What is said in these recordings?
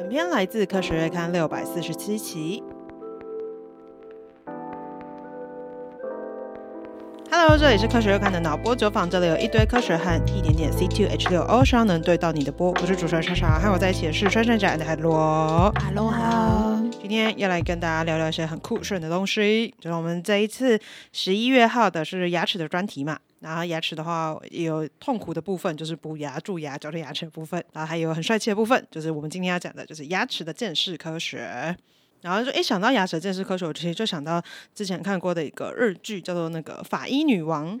本片來自《科學月刊》六百四十七期。Hello，這裡是《科學月刊》的腦波酒坊，這裡有一堆科學和一點點 C two H 六 O，希望能對到你的波。我是主持人莎莎，和我在一起是孫孫的是川山仔的海螺。海螺好，今天要來跟大家聊聊一些很酷炫的東西，就是我們這一次十一月號的是牙齒的專題嘛。然後牙齒的話，也有痛苦的部分，就是補牙、蛀牙、矯正牙齒的部分；然後還有很帥氣的部分，就是我們今天要講的，就是牙齒的鑑識科學。然後就一想到牙齒的鑑識科學，我其實就想到之前看過的一個日劇，叫做那個《法醫女王》。嗯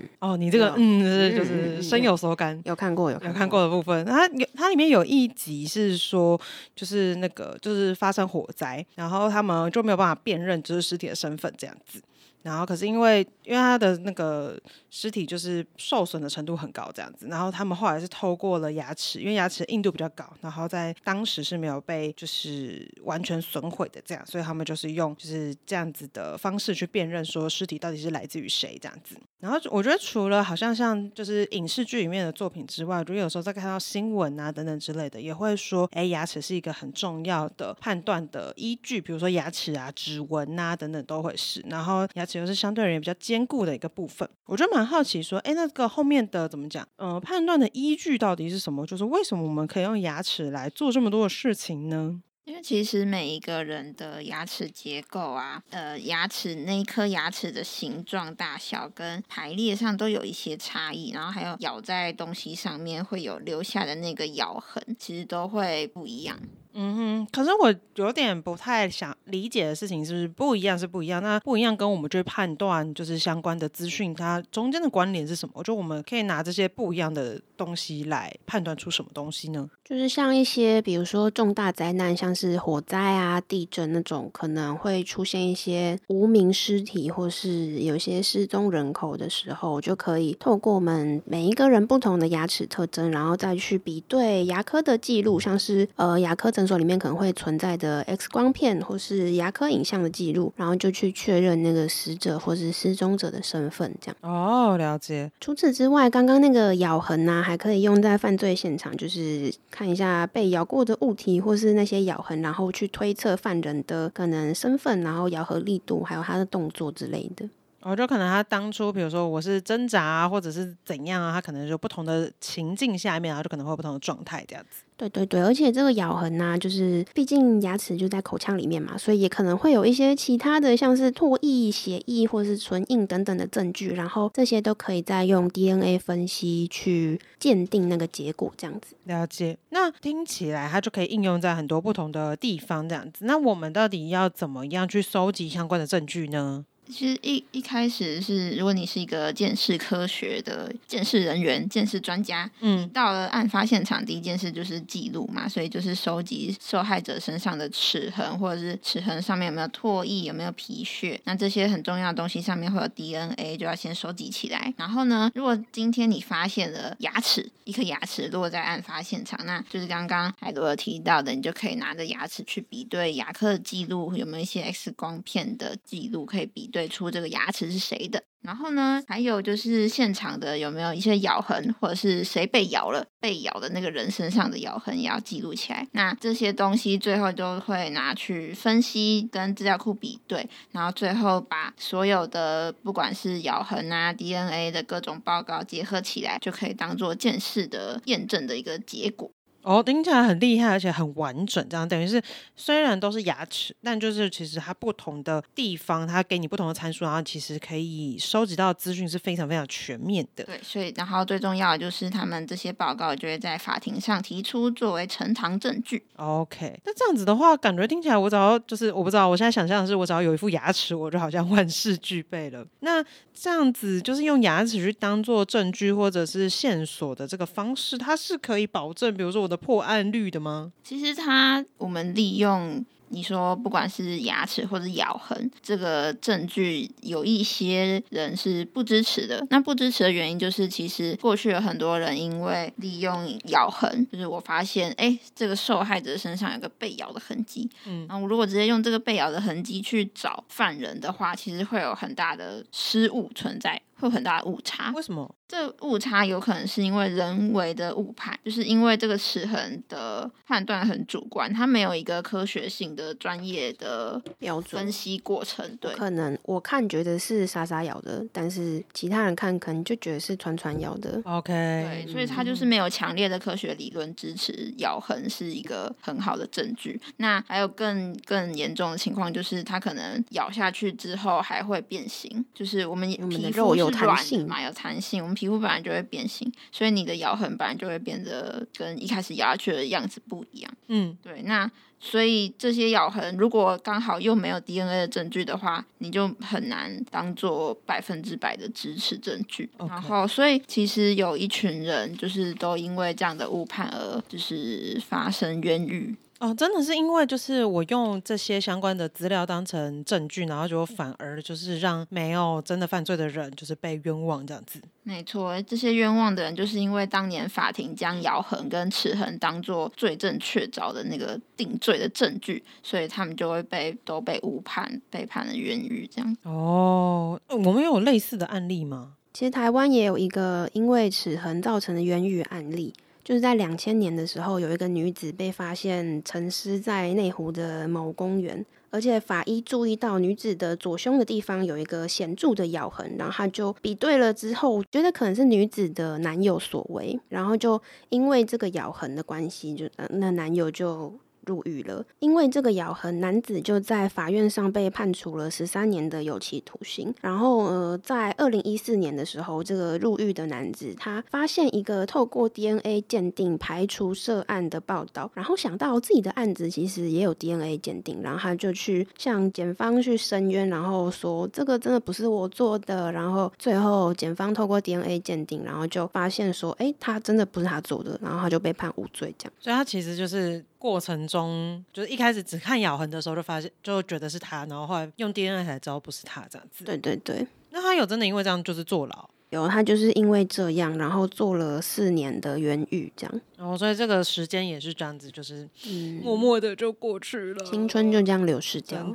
嗯。哦，你這個嗯，嗯，就是深有所感。嗯、有看過有看過，有看過的部分，它有它裡面有一集是說，就是那個就是發生火災，然後他們就沒有辦法辨認就是屍體的身份這樣子。然後，可是因為因為他的那個屍體就是受損的程度很高，這樣子。然後他們後來是透過了牙齒，因為牙齒硬度比較高，然後在當時是沒有被就是完全損毀的這樣，所以他們就是用就是這樣子的方式去辨認說屍體到底是來自於誰這樣子。然後我覺得，除了好像像就是影視劇裡面的作品之外，如果有時候在看到新聞啊等等之類的，也會說，哎，牙齒是一個很重要的判斷的依據，比如說牙齒啊、指紋啊等等都會是。然後牙齒又是相對而言比較堅固的一個部分。我覺得蠻好奇，說，哎，那個後面的怎麼講？呃，判斷的依據到底是什麼？就是為什麼我們可以用牙齒來做這麼多的事情呢？因為其實每一個人的牙齒結構啊，呃，牙齒那一顆牙齒的形狀、大小跟排列上都有一些差異，然後還有咬在東西上面會有留下的那個咬痕，其實都會不一樣。嗯哼，可是我有點不太想理解的事情是不，是不一樣是不一樣，那不一樣跟我們去判斷就是相關的資訊，它中間的關聯是什麼？就我們可以拿這些不一樣的東西來判斷出什麼東西呢？就是像一些，比如說重大災難，像是火災啊、地震那種，可能會出現一些無名屍體或是有些失蹤人口的時候，就可以透過我們每一個人不同的牙齒特徵，然後再去比對牙科的記錄，像是呃牙科診。所裡面可能會存在的 X 光片，或是牙科影像的記錄，然後就去確認那個死者或是失蹤者的身份，這樣。哦，了解。除此之外，剛剛那個咬痕呢、啊，還可以用在犯罪現場，就是看一下被咬過的物體或是那些咬痕，然後去推測犯人的可能身份，然後咬合力度，還有他的動作之類的。哦，就可能他當初，比如說我是掙扎、啊、或者是怎樣啊，他可能就不同的情境下面，啊，就可能會有不同的狀態，這樣子。對對對，而且這個咬痕呢、啊，就是畢竟牙齒就在口腔裡面嘛，所以也可能會有一些其他的，像是唾液、血液或者是唇印等等的證據，然後這些都可以再用 DNA 分析去鑑定那個結果，這樣子。了解，那聽起來它就可以應用在很多不同的地方，這樣子。那我們到底要怎麼樣去蒐集相關的證據呢？其實一一開始是，如果你是一個鑑識科學的鑑識人員、鑑識專家，嗯，到了案發現場，第一件事就是記錄嘛，所以就是收集受害者身上的齒痕，或者是齒痕上面有沒有唾液、有沒有皮屑，那這些很重要的東西上面會有 DNA，就要先收集起來。然後呢，如果今天你發現了牙齒，一顆牙齒落在案發現場，那就是剛剛海多爾提到的，你就可以拿着牙齒去比對牙科的記錄，有沒有一些 X 光片的記錄可以比對。最初這個牙齒是誰的？然後呢，還有就是現場的有沒有一些咬痕，或者是誰被咬了？被咬的那個人身上的咬痕也要記錄起來。那這些東西最後就會拿去分析，跟資料庫比對，然後最後把所有的不管是咬痕啊、DNA 的各種報告結合起來，就可以當做鑑識的驗證的一個結果。哦，聽起來很厲害，而且很完整。這樣等於是雖然都是牙齒，但就是其實它不同的地方，它給你不同的參數，然後其實可以收集到的資訊是非常非常全面的。對，所以然後最重要的就是他們這些報告就會在法庭上提出作為呈堂證據。OK，那這樣子的話，感覺聽起來我只要就是我不知道，我現在想象的是我只要有一副牙齒，我就好像萬事俱備了。那這樣子就是用牙齒去當做證據或者是線索的這個方式，它是可以保證，比如說我的。破案率的嗎？其實他，我們利用你說不管是牙齒或者咬痕這個證據，有一些人是不支持的。那不支持的原因就是，其實過去有很多人因為利用咬痕，就是我發現哎、欸，這個受害者身上有個被咬的痕跡，嗯，然後我如果直接用這個被咬的痕跡去找犯人的話，其實會有很大的失誤存在。會有很大的誤差，為什麼？這個、誤差有可能是因為人為的誤判，就是因為這個齒痕的判斷很主觀，它沒有一個科學性的專業的標準分析過程。對，可能我看覺得是沙沙咬的，但是其他人看可能就覺得是川川咬的。OK，對，所以它就是沒有強烈的科學理論支持，咬痕是一個很好的證據。那還有更更嚴重的情況，就是它可能咬下去之後還會變形，就是我們皮我們的肉有。有彈性嘛，有彈性，我們皮膚本來就會變形，所以你的咬痕本來就會變得跟一開始咬下去的樣子不一樣。嗯，對，那所以這些咬痕如果剛好又沒有 DNA 的證據的話，你就很難當做百分之百的支持證據。Okay. 然後，所以其實有一群人就是都因為這樣的誤判而就是發生冤獄。哦，真的是因為就是我用這些相關的資料當成證據，然後就反而就是讓沒有真的犯罪的人就是被冤枉這樣子。沒錯，這些冤枉的人就是因為當年法庭將咬痕跟齒痕當做罪證確鑿的那個定罪的證據，所以他們就會被都被誤判、被判了冤獄這樣。哦，我們有類似的案例嗎？其實台灣也有一個因為齒痕造成的冤獄案例。就是在兩千年的時候，有一個女子被發現沉屍在內湖的某公園，而且法醫注意到女子的左胸的地方有一個顯著的咬痕，然後他就比對了之後，覺得可能是女子的男友所為，然後就因為這個咬痕的關係，就、呃、那男友就入獄了，因為這個咬痕，男子就在法院上被判處了十三年的有期徒刑。然後，呃，在二零一四年的時候，這個入獄的男子他發現一個透過 DNA 鑑定排除涉案的報道，然後想到自己的案子其實也有 DNA 鑑定，然後他就去向檢方去申冤，然後說這個真的不是我做的。然後最後檢方透過 DNA 鑑定，然後就發現說，哎，他真的不是他做的，然後他就被判無罪這樣。所以他其實就是。過程中，就是一開始只看咬痕的時候，就發現就覺得是他，然後後來用 DNA 才知道不是他這樣子。對對對，那他有真的因為這樣就是坐牢？有，他就是因為這樣，然後坐了四年的冤獄這樣。然後、哦、所以這個時間也是這樣子，就是、嗯、默默的就過去了，青春就這樣流逝掉。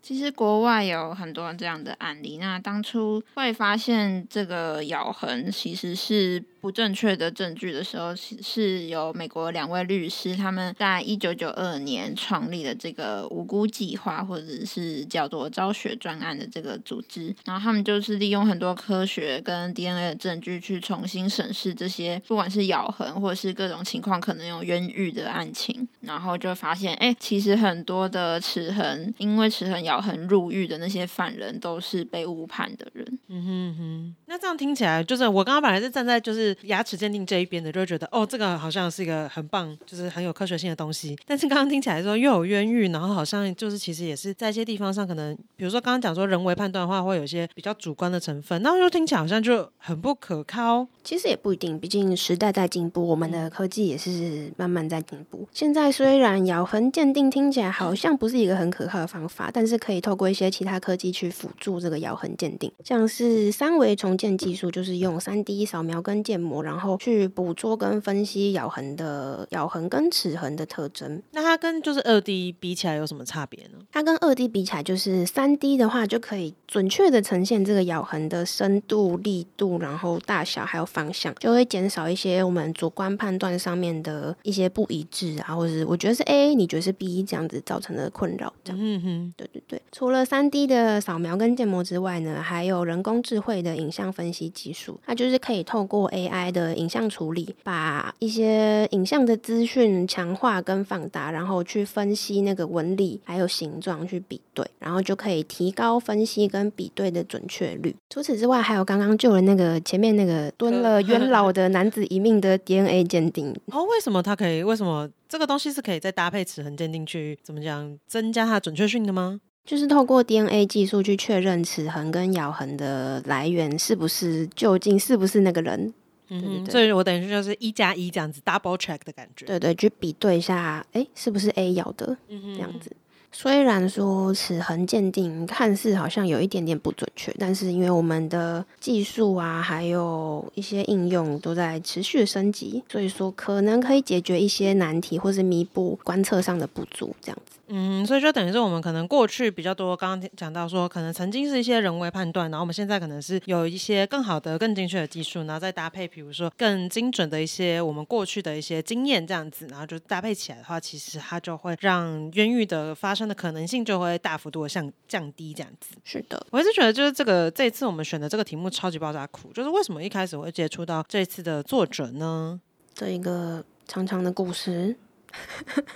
其實國外有很多這樣的案例。那當初會發現這個咬痕其實是。不正確的證據的時候，是是由美國兩位律師，他們在一九九二年創立的這個無辜計劃，或者是叫做昭雪專案的這個組織。然後他們就是利用很多科學跟 DNA 的證據，去重新審視這些不管是咬痕或者是各種情況可能有冤獄的案情，然後就發現，哎、欸，其實很多的齒痕，因為齒痕咬痕入獄的那些犯人，都是被誤判的人。嗯哼嗯哼，那這樣聽起來，就是我剛剛本來是站在就是。牙齒鑑定這一邊的，就會覺得哦，這個好像是一個很棒，就是很有科學性的東西。但是剛剛聽起來說又有冤獄，然後好像就是其實也是在一些地方上，可能比如說剛剛講說人為判斷的話，會有一些比較主觀的成分，那又聽起來好像就很不可靠哦。其實也不一定，畢竟時代在進步，我們的科技也是慢慢在進步。現在雖然咬痕鑑定聽起來好像不是一個很可靠的方法，但是可以透過一些其他科技去輔助這個咬痕鑑定，像是三維重建技術，就是用三 D 掃描跟建模模，然後去捕捉跟分析咬痕的咬痕跟齒痕的特徵。那它跟就是二 D 比起來有什麼差別呢？它跟二 D 比起來，就是三 D 的話就可以準確的呈現這個咬痕的深度、力度，然後大小還有方向，就會減少一些我們主觀判斷上面的一些不一致啊，或者是我覺得是 A，你覺得是 B 這樣子造成的困擾。這樣，嗯哼，對對對。除了三 D 的掃描跟建模之外呢，還有人工智慧的影像分析技術，它就是可以透過 AI。的影像處理，把一些影像的資訊強化跟放大，然後去分析那個紋理還有形狀去比對，然後就可以提高分析跟比對的準確率。除此之外，還有剛剛救了那個前面那個蹲了冤牢的男子一命的 DNA 鑑定。呵呵呵。哦，為什麼他可以？為什麼這個東西是可以再搭配齒痕鑑定去，怎麼講，增加它準確性的嗎？就是透過 DNA 技術去確認齒痕跟咬痕的來源是不是究竟是不是那個人。嗯對對對，所以，我等於就是一加一這樣子，double check 的感覺。對對，對，去比對一下，哎、欸，是不是 A 咬的？嗯嗯，這樣子。雖然說齒痕鑑定看似好像有一點點不準確，但是因為我們的技術啊，還有一些應用都在持續升級，所以說可能可以解決一些難題，或是彌補觀測上的不足，這樣子。嗯，所以說等於是我們可能過去比較多剛剛，剛剛講到說，可能曾經是一些人為判斷，然後我們現在可能是有一些更好的、更精確的技術，然後再搭配，比如說更精準的一些我們過去的一些經驗，這樣子，然後就搭配起來的話，其實它就會讓冤獄的發生，真的可能性就會大幅度的降降低，這樣子。是的，我一直覺得就是這個這一次我們選的這個題目超級爆炸苦，就是為什麼一開始我會接觸到這次的作者呢？這一個長長的故事，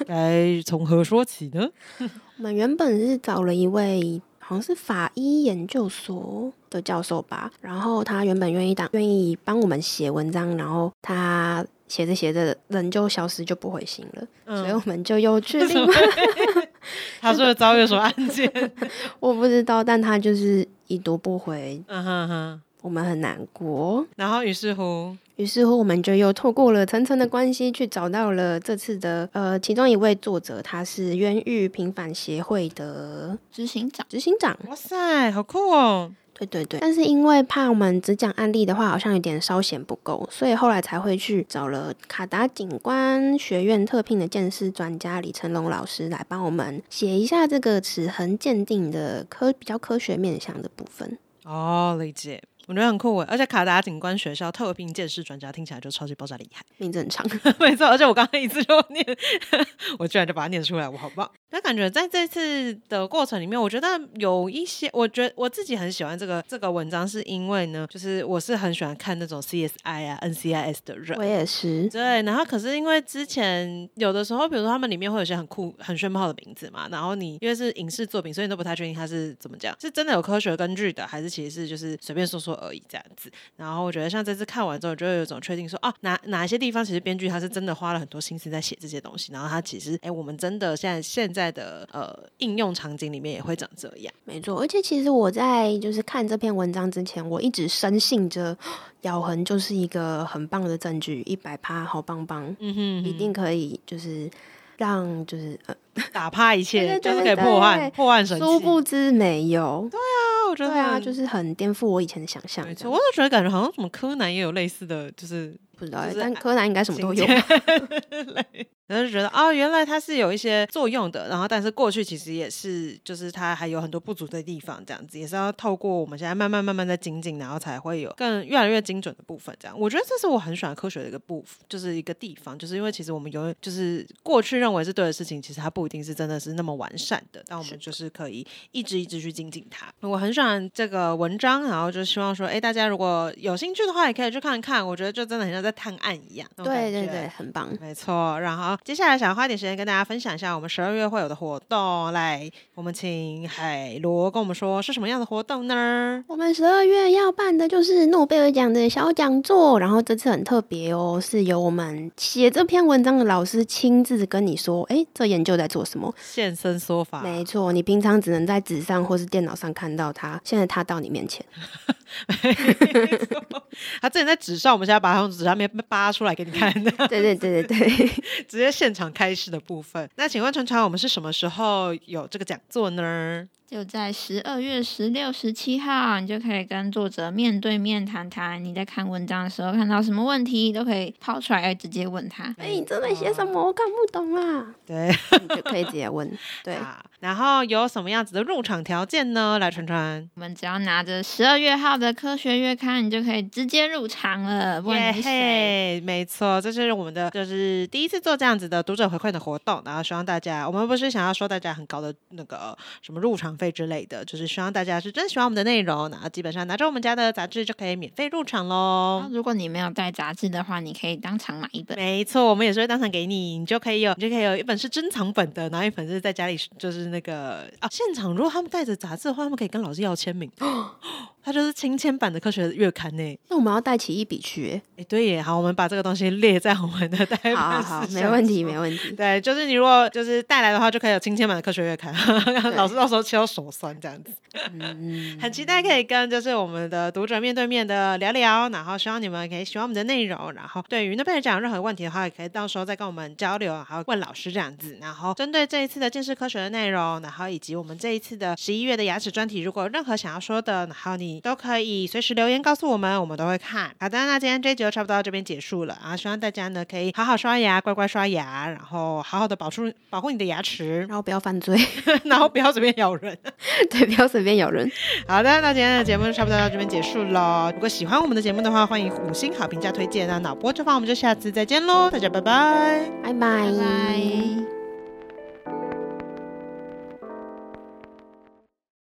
該從何說起呢？ 我們原本是找了一位好像是法醫研究所的教授吧，然後他原本願意當願意幫我們寫文章，然後他寫着寫着人就消失就不回信了，所以我們就又確定。嗯 他說的遭遇有什麼案件？ 我不知道，但他就是已讀不回，嗯哼哼，我們很難過。Uh -huh. 然後，於是乎，於是乎，我們就又透過了層層的關係，去找到了這次的呃，其中一位作者，他是冤獄平反協會的執行長，執行長，哇塞，好酷哦！對對對，但是因為怕我們只講案例的話，好像有點稍嫌不夠，所以後來才會去找了卡達警官學院特聘的鑑識專家李承龍老師來幫我們寫一下這個齒痕鑑定的科比較科學面向的部分。哦，理解。我覺得很酷，而且卡達警官學校特聘鑑識專家聽起來就超級爆炸厲害，名字很長， 沒錯。而且我剛剛一次就念， 我居然就把它念出來，我好棒。那 感覺在這次的過程裡面，我覺得有一些，我覺得我自己很喜歡這個這個文章，是因為呢，就是我是很喜歡看那種 CSI 啊、NCIS 的人，我也是。對，然後可是因為之前有的時候，比如說他們裡面會有些很酷、很炫炮的名字嘛，然後你因為是影視作品，所以你都不太確定他是怎麼講，是真的有科學根據的，還是其實是就是隨便說說。而已這樣子，然後我覺得像這次看完之後，就會有種確定說啊，哪哪一些地方其實編劇他是真的花了很多心思在寫這些東西，然後他其實哎、欸，我們真的現在現在的呃應用場景裡面也會長這樣，沒錯。而且其實我在就是看這篇文章之前，我一直深信着咬痕就是一個很棒的證據，一百趴好棒棒，嗯哼,哼，一定可以就是讓就是、呃打趴一切， 對對對對，就是可以破案，對對對，破案神器，殊不知沒有。對啊，我覺得對啊，就是很顛覆我以前的想象。沒錯，我就覺得感覺好像什麼柯南也有類似的就是。不知道、欸就是，但柯南應該什麼都有了 然後就覺得啊、哦，原來它是有一些作用的。然後，但是過去其實也是，就是它還有很多不足的地方。這樣子也是要透過我們現在慢慢慢慢的精進，然後才會有更越來越精準的部分。這樣，我覺得這是我很喜歡科學的一個部分，就是一個地方，就是因為其實我們有，就是過去認為是對的事情，其實它不一定是真的是那麼完善的。但我們就是可以一直一直去精進它。我很喜歡這個文章，然後就希望說，哎、欸，大家如果有興趣的話，也可以去看一看。我覺得就真的很像。在探案一樣，對對對，很棒，沒錯。然後接下來想花點時間跟大家分享一下我們十二月會有的活動。來，我們請海羅跟我們說是什麼樣的活動呢？我們十二月要辦的就是諾貝爾獎的小講座。然後這次很特別哦，是由我們寫這篇文章的老師親自跟你說。哎、欸，這研究在做什麼？現身說法，沒錯。你平常只能在紙上或是電腦上看到他，現在他到你面前。 他之前在紙上，我們現在把它用紙上。沒扒出來給你看的。 對對對對對、對，直接現場開始的部分。那請問陳超，我們是什麼時候有這個講座呢？就在十二月十六、十七號，你就可以跟作者面對面談談。你在看文章的時候看到什麼問題，都可以拋出來直接問他。哎，你正在寫什麼、哦？我看不懂啊。對，你就可以直接問。對、啊，然後有什麼樣子的入場條件呢？來，川川，我們只要拿着十二月號的《科學月刊》，你就可以直接入場了，不嘿，嘿，沒錯，這是我們的，就是第一次做這樣子的讀者回饋的活動。然後希望大家，我們不是想要說大家很高的那個什麼入場。費之類的，就是希望大家是真喜歡我們的內容，然後基本上拿着我們家的雜誌就可以免費入場嘍。啊，如果你沒有帶雜誌的話，你可以當場買一本。沒錯，我們也是會當場給你，你就可以有，你就可以有一本是珍藏本的，然後一本是在家裡就是那個啊，現場如果他們帶着雜誌的話，他們可以跟老師要簽名。 它就是親簽版的科學月刊呢。那我們要帶起一筆去，哎、欸，對，好，我們把這個東西列在我們的代碼。好，好，好，沒問題，沒問題。對，就是你如果就是帶來的話，就可以有親簽版的科學月刊， 老師到時候簽到手酸這樣子、嗯。很期待可以跟就是我們的讀者面對面的聊聊，然後希望你們可以喜歡我們的內容，然後對於那邊講有任何問題的話，也可以到時候再跟我們交流，然後問老師這樣子。然後針對這一次的鑑識科學的內容，然後以及我們這一次的十一月的牙齒專題，如果有任何想要說的，然後你，都可以隨時留言告訴我們，我們都會看。好的，那今天這集就差不多到這邊結束了啊！希望大家呢可以好好刷牙，乖乖刷牙，然後好好的保住，保護你的牙齒，然後不要犯罪，然後不要隨便咬人， 對，不要隨便咬人。好的，那今天的節目就差不多到這邊結束了。如果喜歡我們的節目的話，歡迎五星好評加推薦，那腦波酒坊，我們就下次再見嘍，大家拜拜，拜拜。Bye bye